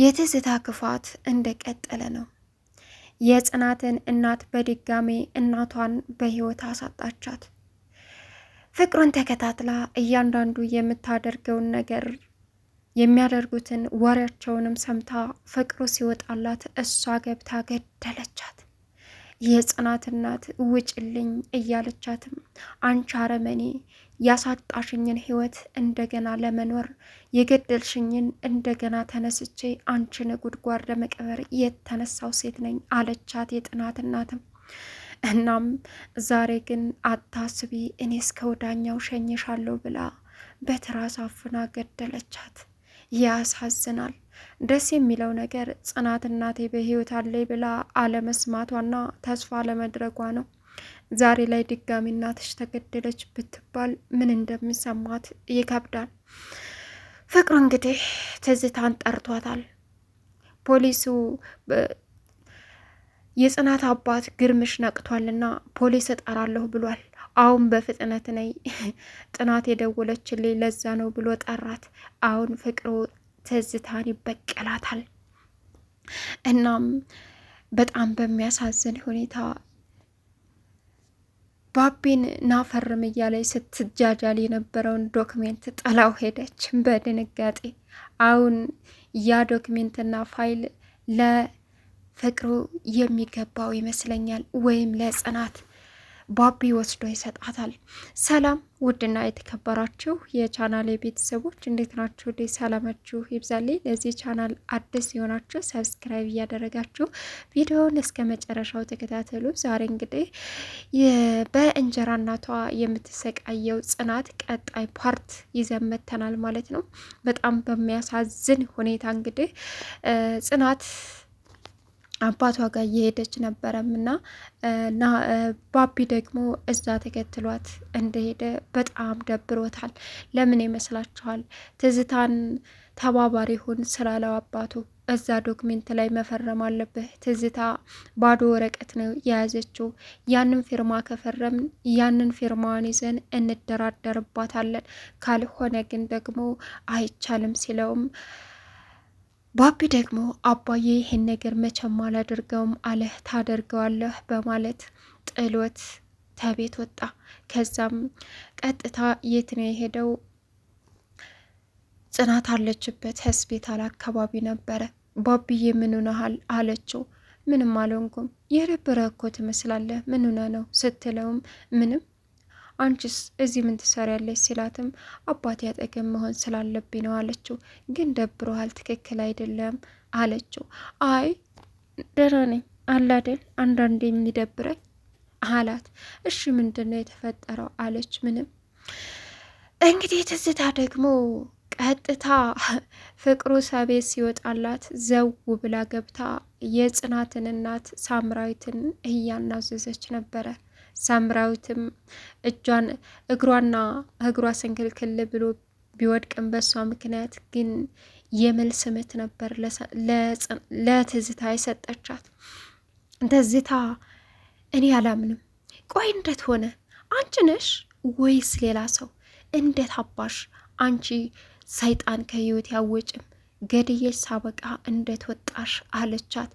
የትዝታ ክፋት እንደቀጠለ ነው። የጽናትን እናት በድጋሜ እናቷን በሕይወት አሳጣቻት። ፍቅሩን ተከታትላ እያንዳንዱ የምታደርገውን ነገር የሚያደርጉትን ወሬያቸውንም ሰምታ ፍቅሩ ሲወጣላት እሷ ገብታ ገደለቻት። የጽናት እናት ውጭልኝ እያለቻትም አንቺ አረመኔ ያሳጣሽኝን ህይወት እንደገና ለመኖር የገደልሽኝን እንደገና ተነስቼ አንቺን ጉድጓድ ለመቅበር የተነሳው ሴት ነኝ አለቻት የጥናት እናትም። እናም ዛሬ ግን አታስቢ፣ እኔ እስከ ወዳኛው ሸኝሻለሁ ብላ በትራስ አፍና ገደለቻት። ያሳዝናል። ደስ የሚለው ነገር ጽናት እናቴ በህይወት አለኝ ብላ አለመስማቷና ተስፋ ለመድረጓ ነው። ዛሬ ላይ ድጋሚ እናትሽ ተገደለች ብትባል ምን እንደሚሰማት ይከብዳል። ፍቅሩ እንግዲህ ትዝታን ጠርቷታል። ፖሊሱ የጽናት አባት ግርምሽ ነቅቷልና ፖሊስ እጠራለሁ ብሏል። አሁን በፍጥነት ነይ፣ ጽናት የደወለችልኝ ለዛ ነው ብሎ ጠራት። አሁን ፍቅሩ ትዝታን ይበቀላታል። እናም በጣም በሚያሳዝን ሁኔታ ባቢን ናፈርም እያለ ስትጃጃል የነበረውን ዶክሜንት ጥላው ሄደች በድንጋጤ። አሁን ያ ዶክሜንትና ፋይል ለፍቅሩ የሚገባው ይመስለኛል፣ ወይም ለጽናት ባቢ ወስዶ ይሰጣታል። ሰላም ውድና የተከበራችሁ የቻናል የቤተሰቦች እንዴት ናችሁ? እንዴ ሰላማችሁ ይብዛልኝ። ለዚህ ቻናል አዲስ የሆናችሁ ሰብስክራይብ እያደረጋችሁ ቪዲዮውን እስከ መጨረሻው ተከታተሉ። ዛሬ እንግዲህ በእንጀራ እናቷ የምትሰቃየው ጽናት ቀጣይ ፓርት ይዘመተናል ማለት ነው። በጣም በሚያሳዝን ሁኔታ እንግዲህ ጽናት አባቷ ጋር እየሄደች ነበረም እና እና ባቢ ደግሞ እዛ ተከትሏት እንደሄደ በጣም ደብሮታል። ለምን ይመስላችኋል? ትዝታን ተባባሪ ሁን ስላለው አባቱ እዛ ዶክሜንት ላይ መፈረም አለብህ። ትዝታ ባዶ ወረቀት ነው የያዘችው። ያንን ፊርማ ከፈረምን ያንን ፊርማዋን ይዘን እንደራደርባታለን፣ ካልሆነ ግን ደግሞ አይቻልም ሲለውም ባቢ ደግሞ አባዬ ይህን ነገር መቼም አላደርገውም አለ ታደርገዋለህ በማለት ጥሎት ተቤት ወጣ። ከዛም ቀጥታ የት ነው የሄደው? ጽናት አለችበት ሆስፒታል አካባቢ ነበረ። ባቢዬ ምን ሆነሃል አለችው። ምንም አልሆንኩም፣ የደበረ እኮ ትመስላለህ፣ ምን ሆነ ነው ስትለውም ምንም አንቺስ እዚህ ምን ትሰሪያለች? ሲላትም አባቴ አጠገብ መሆን ስላለብኝ ነው አለችው። ግን ደብሮሃል፣ ትክክል አይደለም አለችው። አይ ደህና ነኝ አላደል አንዳንዴ የሚደብረኝ አላት። እሺ ምንድን ነው የተፈጠረው? አለች። ምንም እንግዲህ ትዝታ ደግሞ ቀጥታ ፍቅሩ ሰቤት ሲወጣላት ዘው ብላ ገብታ የጽናትን እናት ሳምራዊትን እያናዘዘች ነበረ። ሳምራዊትም እጇን እግሯና እግሯ ስንክልክል ብሎ ቢወድቅም በሷ ምክንያት ግን የመልስ ምት ነበር ለትዝታ የሰጠቻት። ትዝታ እኔ አላምንም። ቆይ እንዴት ሆነ? አንቺ ነሽ ወይስ ሌላ ሰው? እንዴት አባሽ አንቺ ሰይጣን ከህይወት ያወጭም ገድዬ ሳበቃ እንዴት ወጣሽ አለቻት።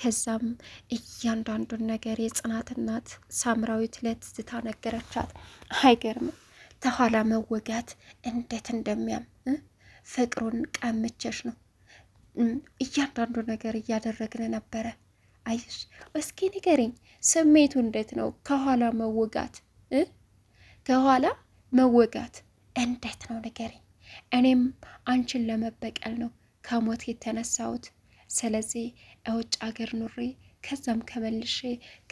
ከዛም እያንዳንዱን ነገር የጽናት እናት ሳምራዊት ለትዝታ ነገረቻት። አይገርም ተኋላ መወጋት እንዴት እንደሚያም ፍቅሩን ቀምቸሽ ነው እያንዳንዱ ነገር እያደረግን ነበረ። አይሽ እስኪ ንገሪኝ ስሜቱ እንዴት ነው? ከኋላ መወጋት ከኋላ መወጋት እንዴት ነው ንገሪኝ። እኔም አንቺን ለመበቀል ነው ከሞት የተነሳሁት። ስለዚህ እውጭ አገር ኑሬ ከዛም ከመልሼ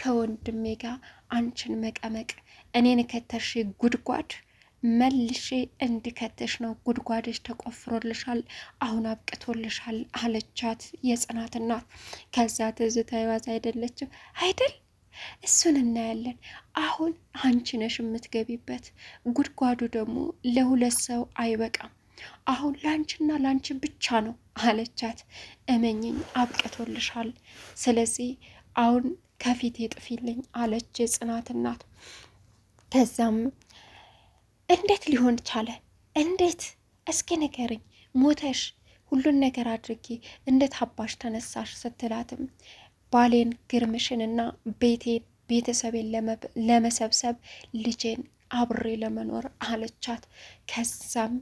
ከወንድሜ ጋር አንቺን መቀመቅ እኔን ከተሽ ጉድጓድ መልሼ እንድከተሽ ነው። ጉድጓድሽ ተቆፍሮልሻል፣ አሁን አብቅቶልሻል አለቻት የጽናት እናት። ከዛ ትዝታ የዋዛ አይደለችም አይደል? እሱን እናያለን። አሁን አንቺ ነሽ የምትገቢበት። ጉድጓዱ ደግሞ ለሁለት ሰው አይበቃም። አሁን ላንቺና ላንቺ ብቻ ነው አለቻት። እመኝኝ አብቅቶልሻል፣ ስለዚህ አሁን ከፊቴ ጥፊልኝ አለች የጽናት እናት። ከዛም እንዴት ሊሆን ቻለ? እንዴት እስኪ ንገርኝ፣ ሞተሽ ሁሉን ነገር አድርጌ እንዴት አባሽ ተነሳሽ? ስትላትም ባሌን ግርምሽንና ቤቴን ቤተሰቤን ለመሰብሰብ ልጄን አብሬ ለመኖር አለቻት። ከዛም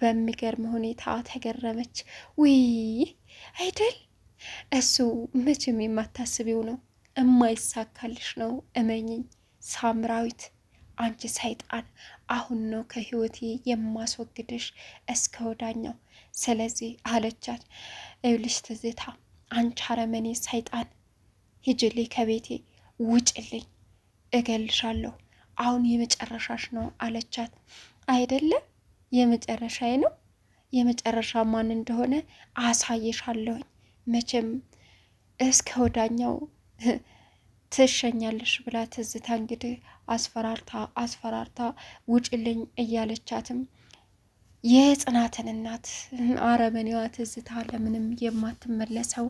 በሚገርም ሁኔታ ተገረመች። ውይ አይደል እሱ መቼም የማታስቢው ነው፣ እማይሳካልሽ ነው። እመኝኝ ሳምራዊት አንቺ ሰይጣን፣ አሁን ነው ከህይወቴ የማስወግድሽ እስከ ወዳኛው። ስለዚህ አለቻት። እዩልሽ ትዝታ፣ አንቺ አረመኔ ሰይጣን፣ ሂጅሌ፣ ከቤቴ ውጭልኝ፣ እገልሻለሁ አሁን የመጨረሻሽ ነው አለቻት። አይደለም የመጨረሻዬ ነው። የመጨረሻ ማን እንደሆነ አሳይሻለሁኝ። መቼም እስከ ወዳኛው ትሸኛለሽ ብላ ትዝታ እንግዲህ አስፈራርታ አስፈራርታ ውጭልኝ እያለቻትም የጽናትን እናት አረመኔዋ ትዝታ ለምንም የማትመለሰው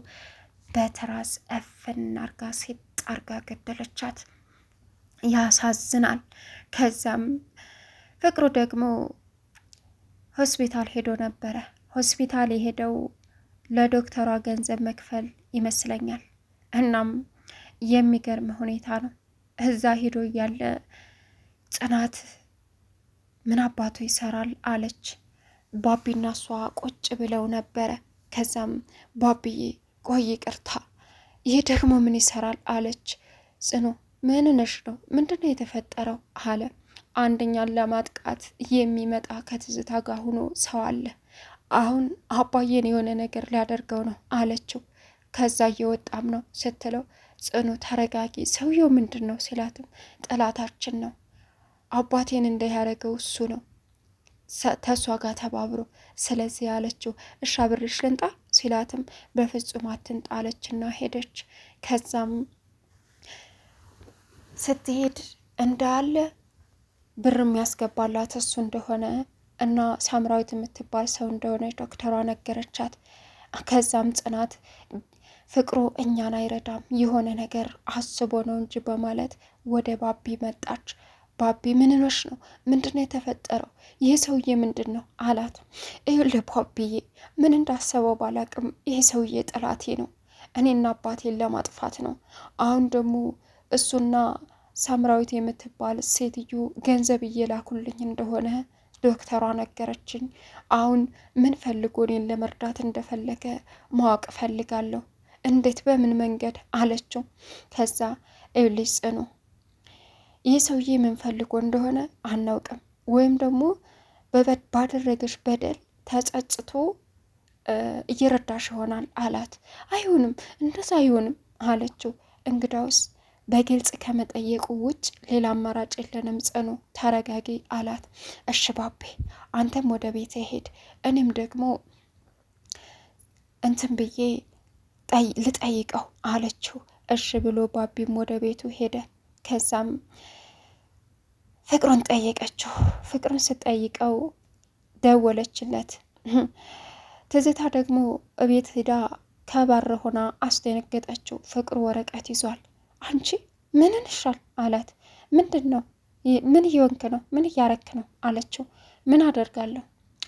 በትራስ እፍን አርጋ ሴት አርጋ ገደለቻት። ያሳዝናል። ከዛም ፍቅሩ ደግሞ ሆስፒታል ሄዶ ነበረ። ሆስፒታል የሄደው ለዶክተሯ ገንዘብ መክፈል ይመስለኛል። እናም የሚገርም ሁኔታ ነው። እዛ ሄዶ እያለ ጽናት ምን አባቱ ይሰራል አለች። ባቢና እሷ ቁጭ ብለው ነበረ። ከዛም ባቢዬ ቆይ ይቅርታ፣ ይህ ደግሞ ምን ይሰራል አለች ጽኑ ምንነሽ ነው ምንድን ነው የተፈጠረው አለ። አንደኛን ለማጥቃት የሚመጣ ከትዝታ ጋር ሆኖ ሰው አለ። አሁን አባዬን የሆነ ነገር ሊያደርገው ነው አለችው። ከዛ እየወጣም ነው ስትለው ጽኑ ተረጋጊ፣ ሰውየው ምንድን ነው ሲላትም ጠላታችን ነው አባቴን እንዳያደረገው እሱ ነው ተሷ ጋር ተባብሮ ስለዚህ ያለችው እሺ አብሬሽ ልንጣ ሲላትም በፍጹም አትንጣ አለችና ሄደች። ከዛም ስትሄድ እንዳለ ብር የሚያስገባላት እሱ እንደሆነ እና ሳምራዊት የምትባል ሰው እንደሆነ ዶክተሯ ነገረቻት። ከዛም ጽናት ፍቅሩ እኛን አይረዳም የሆነ ነገር አስቦ ነው እንጂ በማለት ወደ ባቢ መጣች። ባቢ ምንኖች ነው ምንድን ነው የተፈጠረው? ይህ ሰውዬ ምንድን ነው አላት። ይኸውልህ ባቢዬ፣ ምን እንዳሰበው ባላቅም ይህ ሰውዬ ጠላቴ ነው፣ እኔና አባቴን ለማጥፋት ነው። አሁን ደግሞ እሱና ሳምራዊት የምትባል ሴትዮ ገንዘብ እየላኩልኝ እንደሆነ ዶክተሯ ነገረችኝ። አሁን ምን ፈልጎ እኔን ለመርዳት እንደፈለገ ማወቅ ፈልጋለሁ። እንዴት በምን መንገድ አለችው። ከዛ ኤብሊስ ጽኑ ይህ ሰውዬ ምን ፈልጎ እንደሆነ አናውቅም፣ ወይም ደግሞ ባደረገች በደል ተጸጽቶ እየረዳሽ ይሆናል አላት። አይሆንም፣ እንደዛ አይሆንም አለችው። እንግዳውስ በግልጽ ከመጠየቁ ውጭ ሌላ አማራጭ የለንም። ጽኑ ተረጋጊ አላት። እሽ ባቤ አንተም ወደ ቤት ሄድ፣ እኔም ደግሞ እንትን ብዬ ልጠይቀው አለችው። እሽ ብሎ ባቢም ወደ ቤቱ ሄደ። ከዛም ፍቅሩን ጠየቀችው። ፍቅሩን ስጠይቀው ደወለችለት። ትዝታ ደግሞ እቤት ሂዳ ከባር ሆና አስደነገጠችው። ፍቅሩ ወረቀት ይዟል አንቺ ምን እንሻል አላት። ምንድን ነው ምን እየወንክ ነው? ምን እያረክ ነው አለችው። ምን አደርጋለሁ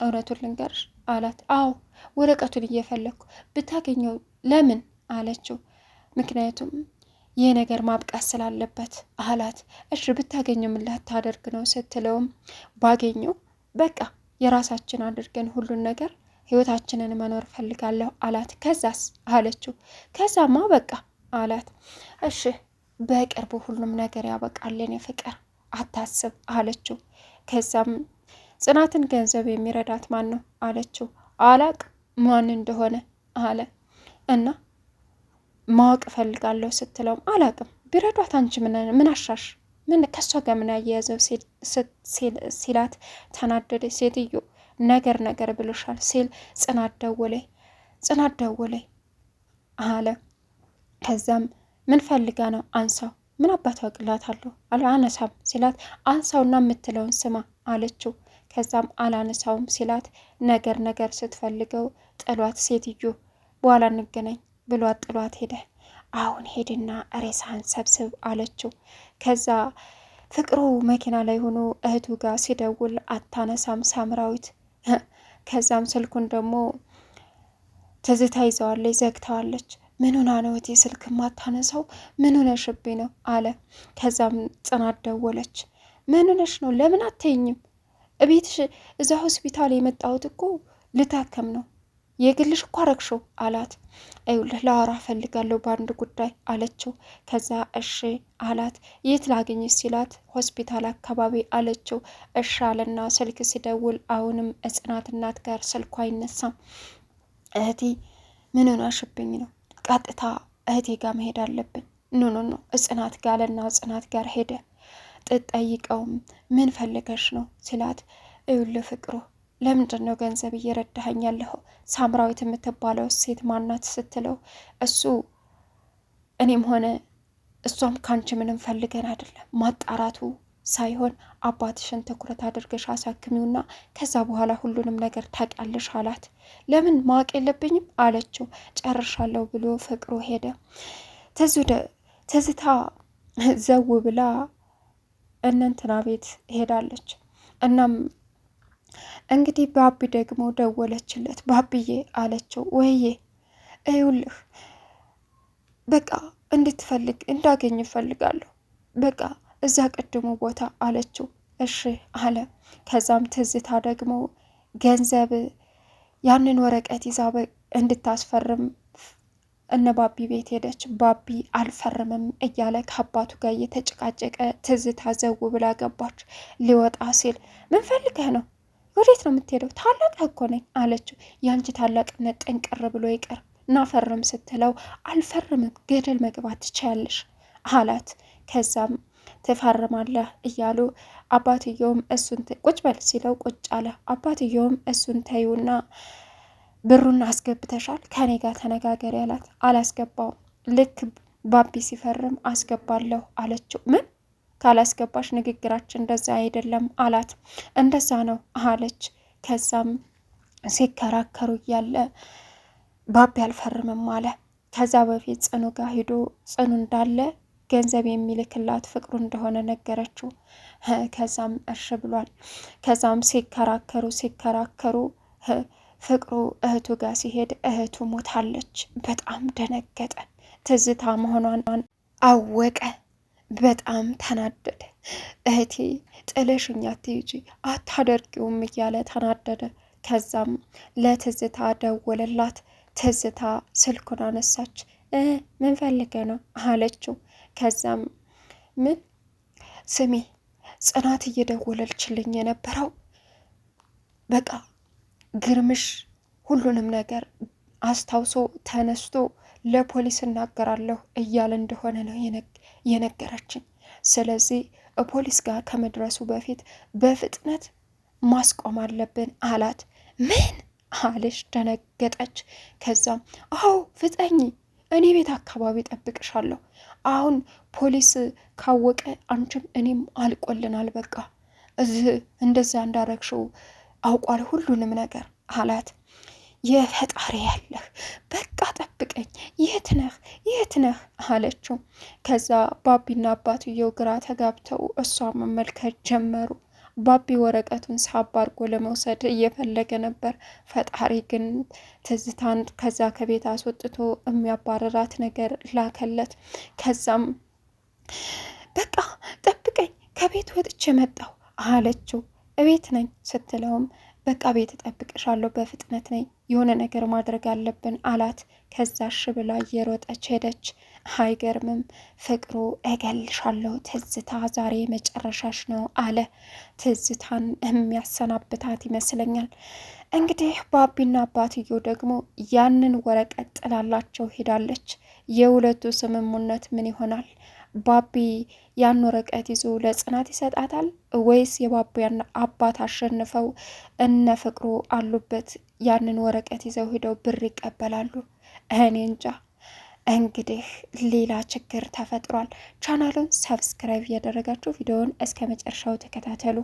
እውነቱን ልንገርሽ አላት። አዎ ወረቀቱን እየፈለግኩ ብታገኘው ለምን አለችው። ምክንያቱም ይህ ነገር ማብቃት ስላለበት አላት። እሺ ብታገኘው ምን ላታደርግ ነው ስትለውም ባገኘው በቃ የራሳችን አድርገን ሁሉን ነገር ህይወታችንን መኖር ፈልጋለሁ አላት። ከዛስ አለችው። ከዛማ በቃ አላት። እሺ በቅርቡ ሁሉም ነገር ያበቃል የፍቅር አታስብ አለችው። ከዛም ጽናትን ገንዘብ የሚረዳት ማን ነው አለችው። አላቅ ማን እንደሆነ አለ እና ማወቅ እፈልጋለሁ ስትለውም አላቅም ቢረዷት አንቺ ምን አሻሽ ምን ከሷ ጋር ምን አያያዘው ሲላት ተናደደ። ሴትዮ ነገር ነገር ብሎሻል ሲል ጽናት ደወለ ጽናት ደወለ አለ። ከዛም ምን ፈልጋ ነው? አንሳው። ምን አባቱ አቅላታለሁ አላነሳም ሲላት አንሳውና የምትለውን ስማ አለችው። ከዛም አላነሳውም ሲላት ነገር ነገር ስትፈልገው ጥሏት ሴትዮ በኋላ እንገናኝ ብሏት ጥሏት ሄደ። አሁን ሄድና ሬሳን ሰብስብ አለችው። ከዛ ፍቅሩ መኪና ላይ ሆኖ እህቱ ጋር ሲደውል አታነሳም ሳምራዊት። ከዛም ስልኩን ደግሞ ትዝታ ይዘዋለች፣ ዘግተዋለች። ምን ሆና ነው እቴ ስልክ ማታነሳው? ምን ሆነሽብኝ ነው አለ። ከዛም ጽናት ደወለች። ምን ሆነሽ ነው? ለምን አትይኝም? እቤትሽ እዛ ሆስፒታል የመጣሁት እኮ ልታከም ነው። የግልሽ እኮ አረግሽው አላት። ይኸውልህ ላወራ እፈልጋለሁ በአንድ ጉዳይ አለችው። ከዛ እሺ አላት። የት ላገኝ ሲላት ሆስፒታል አካባቢ አለችው። እሺ አለና ስልክ ሲደውል አሁንም ጽናት እናት ጋር ስልኳ አይነሳም። እህቴ ምን ሆናሽብኝ ነው ቀጥታ እህቴ ጋር መሄድ አለብኝ። ኖ ኖ ኖ እጽናት ጋለና እጽናት ጋር ሄደ። ጥጠይቀውም ምን ፈልገሽ ነው ሲላት፣ እዩል ፍቅሩ ለምንድን ነው ገንዘብ እየረዳኸኝ ያለኸው? ሳምራዊት የምትባለው ሴት ማናት ስትለው፣ እሱ እኔም ሆነ እሷም ካንቺ ምንም ፈልገን አይደለም ማጣራቱ ሳይሆን አባትሽን ትኩረት አድርገሽ አሳክሚውና ከዛ በኋላ ሁሉንም ነገር ታውቂያለሽ አላት። ለምን ማወቅ የለብኝም አለችው። ጨርሻለሁ ብሎ ፍቅሩ ሄደ። ትዝታ ዘው ብላ እነንትና ቤት ሄዳለች። እናም እንግዲህ ባቢ ደግሞ ደወለችለት። ባቢዬ አለችው። ወይዬ እዩልህ በቃ እንድትፈልግ እንዳገኝ እፈልጋለሁ በቃ እዛ ቅድሙ ቦታ አለችው። እሺ አለ። ከዛም ትዝታ ደግሞ ገንዘብ ያንን ወረቀት ይዛ እንድታስፈርም እነ ባቢ ቤት ሄደች። ባቢ አልፈርምም እያለ ከአባቱ ጋር እየተጨቃጨቀ ትዝታ ዘው ብላ ገባች። ሊወጣ ሲል ምን ፈልገህ ነው? ወዴት ነው የምትሄደው? ታላቅ እኮ ነኝ አለችው። የአንቺ ታላቅነት ጥንቅር ብሎ ይቅር እናፈርም ስትለው አልፈርምም ገደል መግባት ትችያለሽ አላት። ከዛም ትፈርማለህ እያሉ አባትየውም እሱን ቁጭ በል ሲለው ቁጭ አለ። አባትየውም እሱን ተዩና ብሩን አስገብተሻል ከኔ ጋር ተነጋገሪ አላት። አላስገባው ልክ ባቢ ሲፈርም አስገባለሁ አለችው። ምን ካላስገባሽ ንግግራችን እንደዛ አይደለም አላት። እንደዛ ነው አለች። ከዛም ሲከራከሩ እያለ ባቢ አልፈርምም አለ። ከዛ በፊት ጽኑ ጋር ሂዶ ጽኑ እንዳለ ገንዘብ የሚልክላት ፍቅሩ እንደሆነ ነገረችው። ከዛም እርሽ ብሏል። ከዛም ሲከራከሩ ሲከራከሩ ፍቅሩ እህቱ ጋር ሲሄድ እህቱ ሞታለች። በጣም ደነገጠ። ትዝታ መሆኗን አወቀ። በጣም ተናደደ። እህቴ ጥለሽኝ አትሂጂ አታደርጊውም እያለ ተናደደ። ከዛም ለትዝታ ደወለላት። ትዝታ ስልኩን አነሳች። ምን ፈልገ ነው አለችው። ከዛም ምን ስሜ ጽናት እየደወለልችልኝ የነበረው በቃ ግርምሽ ሁሉንም ነገር አስታውሶ ተነስቶ ለፖሊስ እናገራለሁ እያለ እንደሆነ ነው የነገረችኝ። ስለዚህ ፖሊስ ጋር ከመድረሱ በፊት በፍጥነት ማስቆም አለብን አላት። ምን አልሽ? ደነገጠች። ከዛም አዎ ፍጠኝ እኔ ቤት አካባቢ ጠብቅሻለሁ። አሁን ፖሊስ ካወቀ አንቺም እኔም አልቆልናል። በቃ እዚህ እንደዚያ እንዳረግሽው አውቋል ሁሉንም ነገር አላት። የፈጣሪ ያለህ በቃ ጠብቀኝ፣ የት ነህ የት ነህ አለችው። ከዛ ባቢና አባትየው ግራ ተጋብተው እሷ መመልከት ጀመሩ። ባቢ ወረቀቱን ሳብ አድርጎ ለመውሰድ እየፈለገ ነበር። ፈጣሪ ግን ትዝታን ከዛ ከቤት አስወጥቶ የሚያባረራት ነገር ላከለት። ከዛም በቃ ጠብቀኝ፣ ከቤት ወጥቼ መጣሁ አለችው። እቤት ነኝ ስትለውም በቃ ቤት እጠብቅሻለሁ፣ በፍጥነት ነኝ፣ የሆነ ነገር ማድረግ አለብን አላት። ከዛ ሽ ብላ እየሮጠች ሄደች። አይገርምም? ፍቅሩ እገልሻለሁ ትዝታ፣ ዛሬ መጨረሻሽ ነው አለ። ትዝታን የሚያሰናብታት ይመስለኛል። እንግዲህ ባቢና አባትየው ደግሞ ያንን ወረቀት ጥላላቸው ሄዳለች። የሁለቱ ስምምነት ምን ይሆናል? ባቢ ያን ወረቀት ይዞ ለጽናት ይሰጣታል ወይስ የባቢያን አባት አሸንፈው እነ ፍቅሩ አሉበት ያንን ወረቀት ይዘው ሄደው ብር ይቀበላሉ? እኔ እንጃ። እንግዲህ ሌላ ችግር ተፈጥሯል። ቻናሉን ሰብስክራይብ እያደረጋችሁ ቪዲዮውን እስከ መጨረሻው ተከታተሉ።